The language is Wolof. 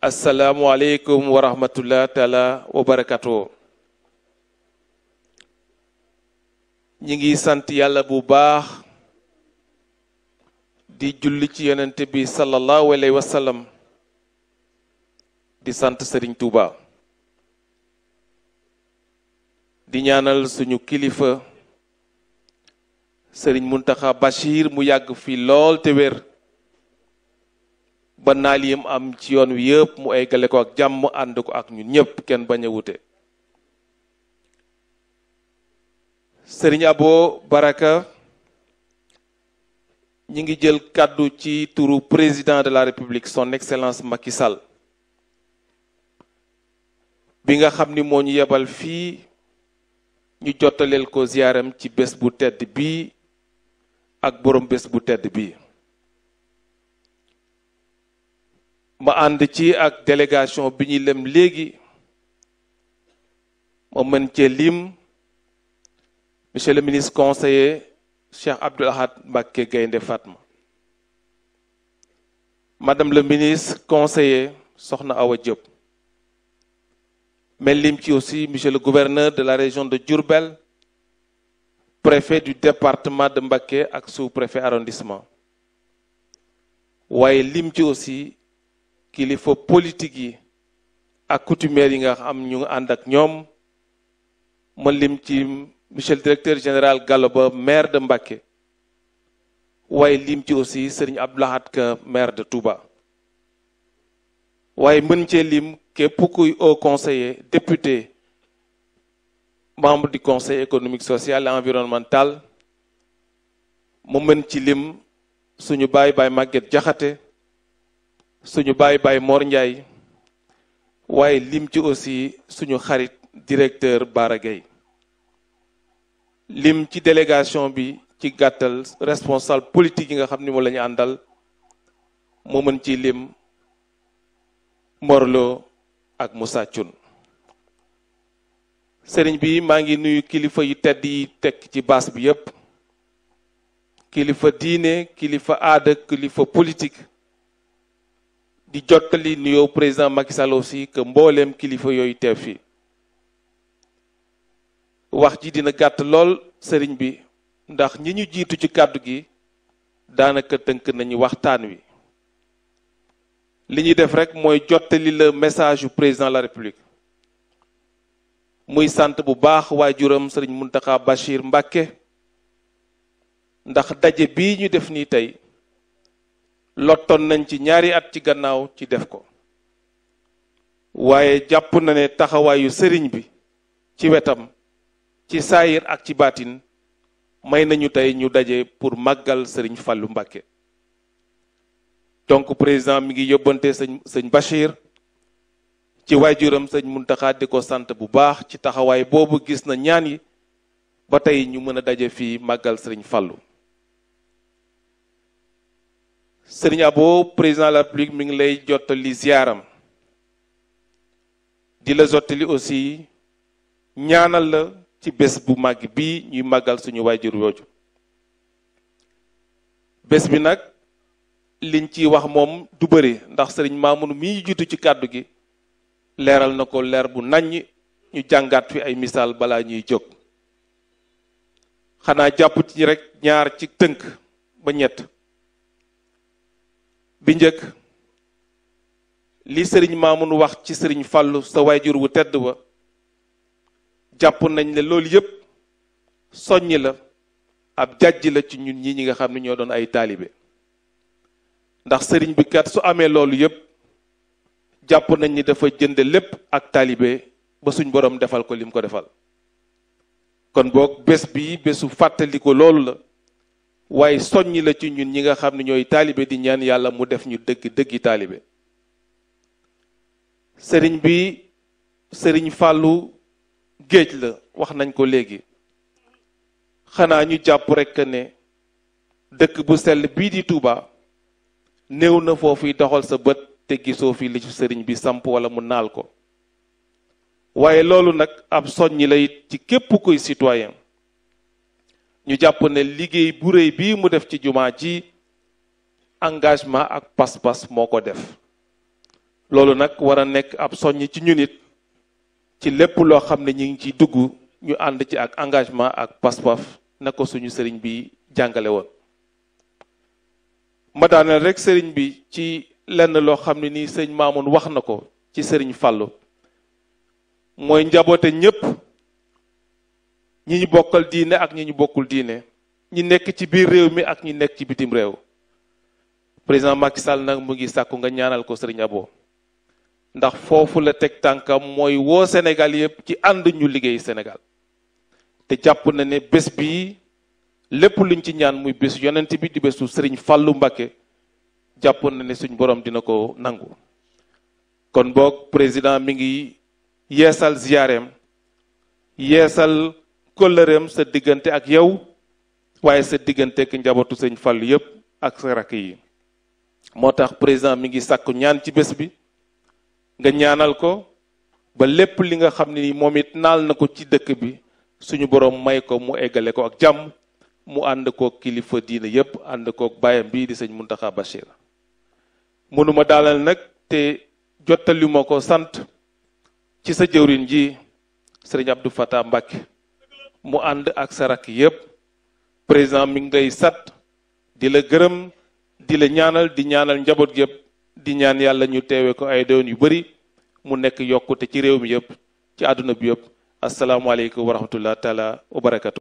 asalaamualeykum wa rahmatullah taala wa barakatuh ñi ngi sant yàlla bu baax di julli ci yonent bi sallallahu alayhi wa sallam di sant sëriñ Tuuba di ñaanal suñu kilifa sëriñ Muntaxa Bachir mu yàgg fi lool te wér ba naal yim am ci yoon wi yëpp mu eggale ko ak jàmm ànd ko ak ñun ñëpp kenn bañ a wute Sëriñ Abo Baraka ñi ngi jël kàddu ci turu président de la république son excellence Macky sal bi nga xam ni moo ñu yebal fii ñu jottaleel ko ziaram ci bés bu tedd bi ak borom bés bu tedd bi ma ànd ci ak délégation bi ñuy lem léegi ma mën cee lim monsieur le ministre conseiller Cheikh Abdoul Ahad Mbacké Gaynde Fatma madame le ministre conseiller soxna Awa Diop mais lim ci aussi monsieur le gouverneur de la région de jurbelle préfet du département de Mbacké ak sous-préfet arrondissement waaye lim ci aussi kilifa politique yi ak coutumiers yi nga am ñu ànd ak ñoom ma lim ci monsieur le directeur général Gallo Ba maire de Mbacké waaye lim ci aussi Serigne Abdou Lahad Ka maire de Touba waaye mën cee lim képp kuy haut conseiller député membre du conseil économique social et environnemental mu mën ci lim suñu baay baay Maguette Jaxate suñu baay baay Mor Ndiaye waaye lim ci aussi suñu xarit directeur Bara Gueye lim ci délégation bi ci gàttal responsable politique yi nga xam ni moom lañu àndal moo mën ci lim Morlo ak Moussa Thioune sëriñ bi maa ngi nuyu kilifa yu tedd yi tekk ci baas bi yépp kilifa diine kilifa aada kilifa politique di jottali nuyoo président Macky Sall aussi mbooleem kilifa yooyu teew fii wax ji dina gàtt lool sëriñ bi ndax ñi ñu jiitu ci kàddu gi daanaka tënk nañu waxtaan wi li ñuy def rek mooy jottali la message yu président la république muy sant bu baax waajuram sëriñ Mountakha Bachir Mbacké ndax daje bi ñu def nii tey lottoon nañ ci ñaari at ci gannaaw ci def ko waaye jàpp na ne taxawaayu sëriñ bi ci wetam ci saayir ak ci baatin may nañu tey ñu daje pour màggal sëriñ Fallou Mbacké donc président mi ngi yóbbante sëñ sëñ Bachir ci waajuram sëñ Muntaxa di ko sant bu baax ci taxawaay boobu gis na ñaan yi ba tey ñu mën a daje fii màggal sëriñ Fallou Serigne Abo président la République mi ngi lay jottali ziaram di la jottali aussi ñaanal la ci bés bu màgg bii ñuy màggal suñu waajur yooju bés bi nag liñ ciy wax moom du bëri ndax sëriñ Serigne Mamoun mii jiitu ci kàddu gi leeral na ko leer bu naññ ñu jàngaat fi ay misaal balaa ñuy jóg xanaa jàpp ci rek ñaar ci tënk ba ñett bi njëkk li sëriñ Maamun wax ci sëriñ Fàllu sa waajur wu tedd wa jàpp nañ ne loolu yépp soññi la ab jàjj la ci ñun ñi ñi nga xam ne ñoo doon ay taalibe ndax sëriñ bi kat su amee loolu yépp jàpp nañ ni dafa jënd lépp ak taalibe ba suñ boroom defal ko lim ko defal kon boog bés bi bésu fàttali loolu la waaye soññ la ci ñun ñi nga xam ne ñooy taalibe di ñaan yàlla mu def ñu dëgg dëggi taalibe sëriñ bi sëriñ fàllu géej la wax nañ ko léegi xanaa ñu jàpp rekk ne dëkk bu sell bii di tuubaa néew na foofu doxal sa bët te gisoo fi li sëriñ bi samp walla mu naal ko waaye loolu nag ab soññ la it ci képp koy citoyen ñu jàpp ne liggéey bu réy bii mu def ci jumaa ji engagement ak pas-pas moo ko def loolu nag war a nekk ab soññ ci ñun it ci lépp loo xam ne ñu ngi ciy dugg ñu ànd ci ak engagement ak pas-pas na ko suñu sëriñ bi jàngale woon ma daaneel rek sëriñ bi ci lenn loo xam ne nii sëriñ Maamun wax na ko ci sëriñ Fàllu mooy njaboote ñépp ñi ñu bokkal diine ak ñi ñu bokkul diine ñi nekk ci biir réew mi ak ñi nekk ci bitim réew président Macky Sall nag mu ngi sàkku nga ñaanal ko Serigne Abo ndax foofu la teg tànkam mooy woo Sénégal yëpp ci ànd ñu liggéey senegal te jàpp na ne bés bii lépp luñ ci ñaan muy bésu yonent bi di bésu Serigne fallu Mbacké jàpp na ne suñ boroom dina ko nangu kon boog président mi ngi yeesal ziyaareem yeesal kóllëreem sa diggante ak yow waaye sa diggante ak njabootu sëñ Fall yépp ak sa rakk yi moo tax président mi ngi sàkku ñaan ci bés bi nga ñaanal ko ba lépp li nga xam ni moom it naal na ko ci dëkk bi suñu boroom may ko mu eggale ko ak jàmm mu ànd koog kilifa diine yépp ànd koog baayam bii di sëñ Muntaxa Bachir mënuma daalal nag te jottali ko sant ci sa jëwrin ji sëriñ Abdou Fatah Mbacke mu ànd ak sa rakk yépp président mu ngi lay sat di la gërëm di la ñaanal di ñaanal njaboot gépp di ñaan yàlla ñu teewe ko ay doon yu bari mu nekk yokkute ci réew mi yépp ci àdduna bi yépp asalaamaaleykum wa rahmatullah taala wa